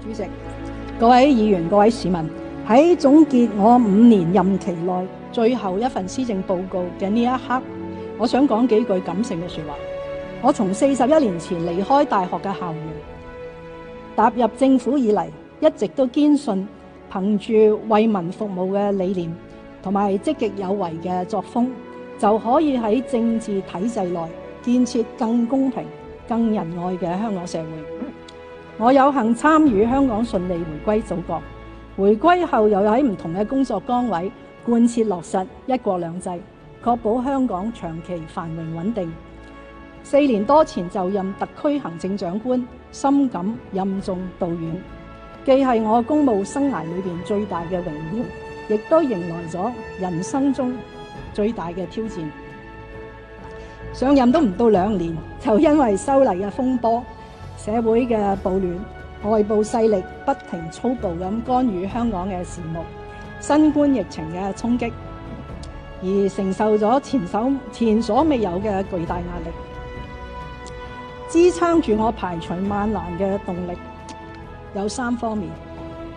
主席，各位議員、各位市民，喺總結我五年任期內最後一份施政報告嘅呢一刻，我想講幾句感性嘅說話。我從四十一年前離開大學嘅校園，踏入政府以嚟，一直都堅信憑住為民服務嘅理念同埋積極有為嘅作風，就可以喺政治體制內建設更公平、更仁愛嘅香港社會。我有幸參與香港順利回歸祖國，回歸後又喺唔同嘅工作崗位貫徹落實一國兩制，確保香港長期繁榮穩定。四年多前就任特區行政長官，深感任重道遠，既係我公務生涯裏面最大嘅榮耀，亦都迎來咗人生中最大嘅挑戰。上任都唔到兩年，就因為修例嘅風波、社會嘅暴亂、外部勢力不停粗暴咁干預香港嘅事務、新冠疫情嘅衝擊，而承受咗前手前所未有嘅巨大壓力，支撐住我排除萬難嘅動力有三方面，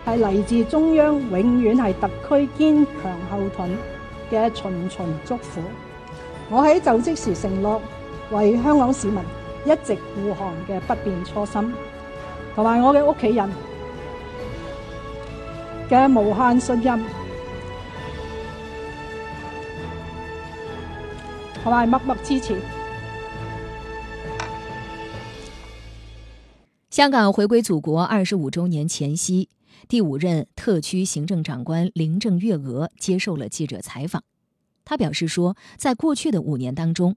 係嚟自中央，永遠係特區堅強後盾嘅循循祝福。我喺就職時承諾為香港市民。一直護航嘅不變初心，同埋我嘅屋企人嘅無限信任，同埋默默支持。香港回歸祖國二十五週年前夕，第五任特區行政長官林鄭月娥接受了記者採訪。她表示說，在過去的五年當中，